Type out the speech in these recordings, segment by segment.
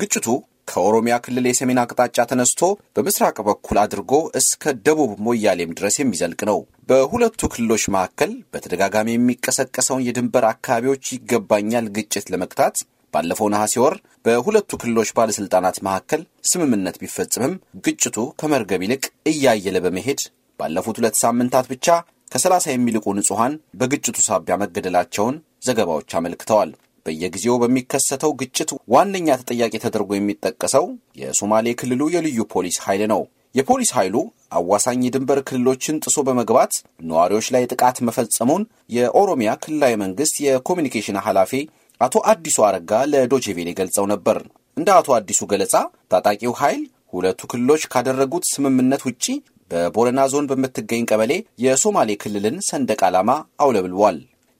ግጭቱ ከኦሮሚያ ክልል የሰሜን አቅጣጫ ተነስቶ በምስራቅ በኩል አድርጎ እስከ ደቡብ ሞያሌም ድረስ የሚዘልቅ ነው። በሁለቱ ክልሎች መካከል በተደጋጋሚ የሚቀሰቀሰውን የድንበር አካባቢዎች ይገባኛል ግጭት ለመግታት ባለፈው ነሐሴ ወር በሁለቱ ክልሎች ባለሥልጣናት መካከል ስምምነት ቢፈጽምም ግጭቱ ከመርገብ ይልቅ እያየለ በመሄድ ባለፉት ሁለት ሳምንታት ብቻ ከ30 የሚልቁ ንጹሐን በግጭቱ ሳቢያ መገደላቸውን ዘገባዎች አመልክተዋል። በየጊዜው በሚከሰተው ግጭት ዋነኛ ተጠያቂ ተደርጎ የሚጠቀሰው የሶማሌ ክልሉ የልዩ ፖሊስ ኃይል ነው። የፖሊስ ኃይሉ አዋሳኝ የድንበር ክልሎችን ጥሶ በመግባት ነዋሪዎች ላይ ጥቃት መፈጸሙን የኦሮሚያ ክልላዊ መንግስት የኮሚኒኬሽን ኃላፊ አቶ አዲሱ አረጋ ለዶቼቬሌ ገልጸው ነበር። እንደ አቶ አዲሱ ገለጻ ታጣቂው ኃይል ሁለቱ ክልሎች ካደረጉት ስምምነት ውጪ በቦረና ዞን በምትገኝ ቀበሌ የሶማሌ ክልልን ሰንደቅ ዓላማ አውለብልቧል።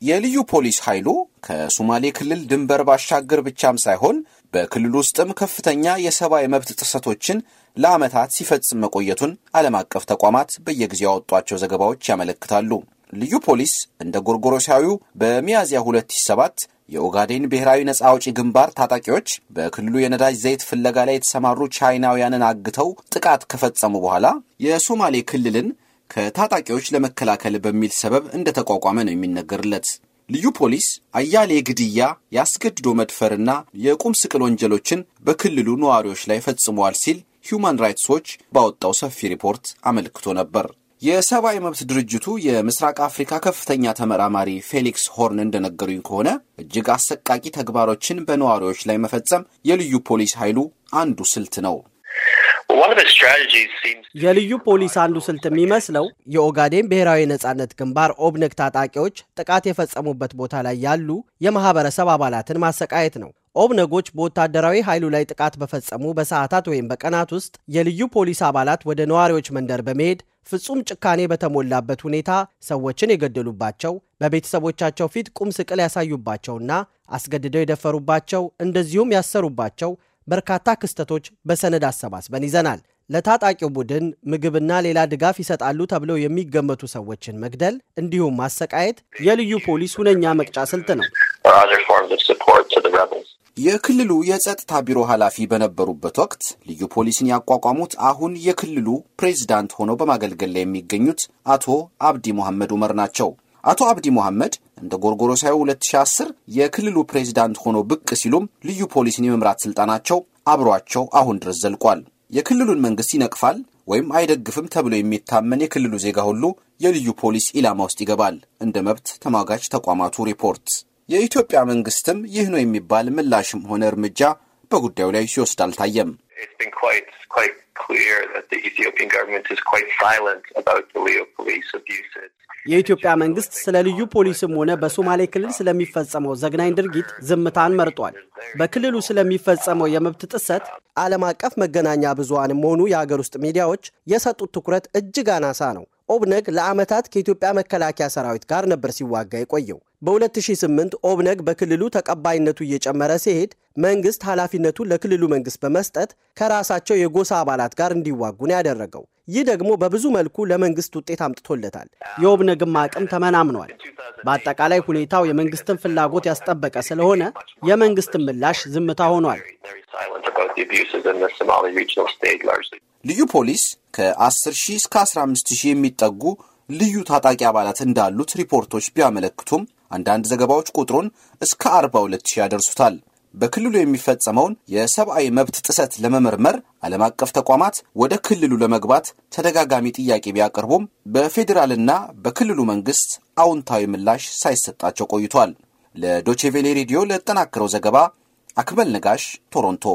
የልዩ ፖሊስ ኃይሉ ከሶማሌ ክልል ድንበር ባሻገር ብቻም ሳይሆን በክልል ውስጥም ከፍተኛ የሰብአዊ መብት ጥሰቶችን ለዓመታት ሲፈጽም መቆየቱን ዓለም አቀፍ ተቋማት በየጊዜው ያወጧቸው ዘገባዎች ያመለክታሉ። ልዩ ፖሊስ እንደ ጎርጎሮሳዊው በሚያዝያ 2007 የኦጋዴን ብሔራዊ ነፃ አውጪ ግንባር ታጣቂዎች በክልሉ የነዳጅ ዘይት ፍለጋ ላይ የተሰማሩ ቻይናውያንን አግተው ጥቃት ከፈጸሙ በኋላ የሶማሌ ክልልን ከታጣቂዎች ለመከላከል በሚል ሰበብ እንደተቋቋመ ነው የሚነገርለት። ልዩ ፖሊስ አያሌ ግድያ፣ የአስገድዶ መድፈርና የቁም ስቅል ወንጀሎችን በክልሉ ነዋሪዎች ላይ ፈጽመዋል ሲል ሁማን ራይትስ ዎች ባወጣው ሰፊ ሪፖርት አመልክቶ ነበር። የሰብአዊ መብት ድርጅቱ የምስራቅ አፍሪካ ከፍተኛ ተመራማሪ ፌሊክስ ሆርን እንደነገሩኝ ከሆነ እጅግ አሰቃቂ ተግባሮችን በነዋሪዎች ላይ መፈጸም የልዩ ፖሊስ ኃይሉ አንዱ ስልት ነው። የልዩ ፖሊስ አንዱ ስልት የሚመስለው የኦጋዴን ብሔራዊ ነጻነት ግንባር ኦብነግ ታጣቂዎች ጥቃት የፈጸሙበት ቦታ ላይ ያሉ የማህበረሰብ አባላትን ማሰቃየት ነው። ኦብነጎች በወታደራዊ ኃይሉ ላይ ጥቃት በፈጸሙ በሰዓታት ወይም በቀናት ውስጥ የልዩ ፖሊስ አባላት ወደ ነዋሪዎች መንደር በመሄድ ፍጹም ጭካኔ በተሞላበት ሁኔታ ሰዎችን የገደሉባቸው፣ በቤተሰቦቻቸው ፊት ቁም ስቅል ያሳዩባቸውና አስገድደው የደፈሩባቸው እንደዚሁም ያሰሩባቸው በርካታ ክስተቶች በሰነድ አሰባስበን ይዘናል። ለታጣቂው ቡድን ምግብና ሌላ ድጋፍ ይሰጣሉ ተብለው የሚገመቱ ሰዎችን መግደል እንዲሁም ማሰቃየት የልዩ ፖሊስ ሁነኛ መቅጫ ስልት ነው። የክልሉ የጸጥታ ቢሮ ኃላፊ በነበሩበት ወቅት ልዩ ፖሊስን ያቋቋሙት አሁን የክልሉ ፕሬዚዳንት ሆነው በማገልገል ላይ የሚገኙት አቶ አብዲ መሐመድ ኡመር ናቸው። አቶ አብዲ መሐመድ እንደ ጎርጎሮሳዊ 2010 የክልሉ ፕሬዚዳንት ሆኖ ብቅ ሲሉም ልዩ ፖሊስን የመምራት ስልጣናቸው አብሯቸው አሁን ድረስ ዘልቋል። የክልሉን መንግስት ይነቅፋል ወይም አይደግፍም ተብሎ የሚታመን የክልሉ ዜጋ ሁሉ የልዩ ፖሊስ ኢላማ ውስጥ ይገባል። እንደ መብት ተሟጋች ተቋማቱ ሪፖርት የኢትዮጵያ መንግስትም ይህ ነው የሚባል ምላሽም ሆነ እርምጃ በጉዳዩ ላይ ሲወስድ አልታየም። it's been quite quite clear that the Ethiopian government is quite silent about the Leo police abuses. የኢትዮጵያ መንግስት ስለ ልዩ ፖሊስም ሆነ በሶማሌ ክልል ስለሚፈጸመው ዘግናኝ ድርጊት ዝምታን መርጧል። በክልሉ ስለሚፈጸመው የመብት ጥሰት ዓለም አቀፍ መገናኛ ብዙሃንም ሆኑ የአገር ውስጥ ሚዲያዎች የሰጡት ትኩረት እጅግ አናሳ ነው። ኦብነግ ለዓመታት ከኢትዮጵያ መከላከያ ሰራዊት ጋር ነበር ሲዋጋ የቆየው። በ2008 ኦብነግ በክልሉ ተቀባይነቱ እየጨመረ ሲሄድ መንግስት ኃላፊነቱን ለክልሉ መንግስት በመስጠት ከራሳቸው የጎሳ አባላት ጋር እንዲዋጉ ነው ያደረገው። ይህ ደግሞ በብዙ መልኩ ለመንግስት ውጤት አምጥቶለታል። የኦብነግም አቅም ተመናምኗል። በአጠቃላይ ሁኔታው የመንግስትን ፍላጎት ያስጠበቀ ስለሆነ የመንግስትን ምላሽ ዝምታ ሆኗል። ልዩ ፖሊስ ከ10 ሺህ እስከ 15 ሺህ የሚጠጉ ልዩ ታጣቂ አባላት እንዳሉት ሪፖርቶች ቢያመለክቱም አንዳንድ ዘገባዎች ቁጥሩን እስከ 42 ሺህ ያደርሱታል። በክልሉ የሚፈጸመውን የሰብአዊ መብት ጥሰት ለመመርመር ዓለም አቀፍ ተቋማት ወደ ክልሉ ለመግባት ተደጋጋሚ ጥያቄ ቢያቀርቡም በፌዴራልና በክልሉ መንግስት አዎንታዊ ምላሽ ሳይሰጣቸው ቆይቷል። ለዶቼቬሌ ሬዲዮ ለጠናከረው ዘገባ አክመል ነጋሽ ቶሮንቶ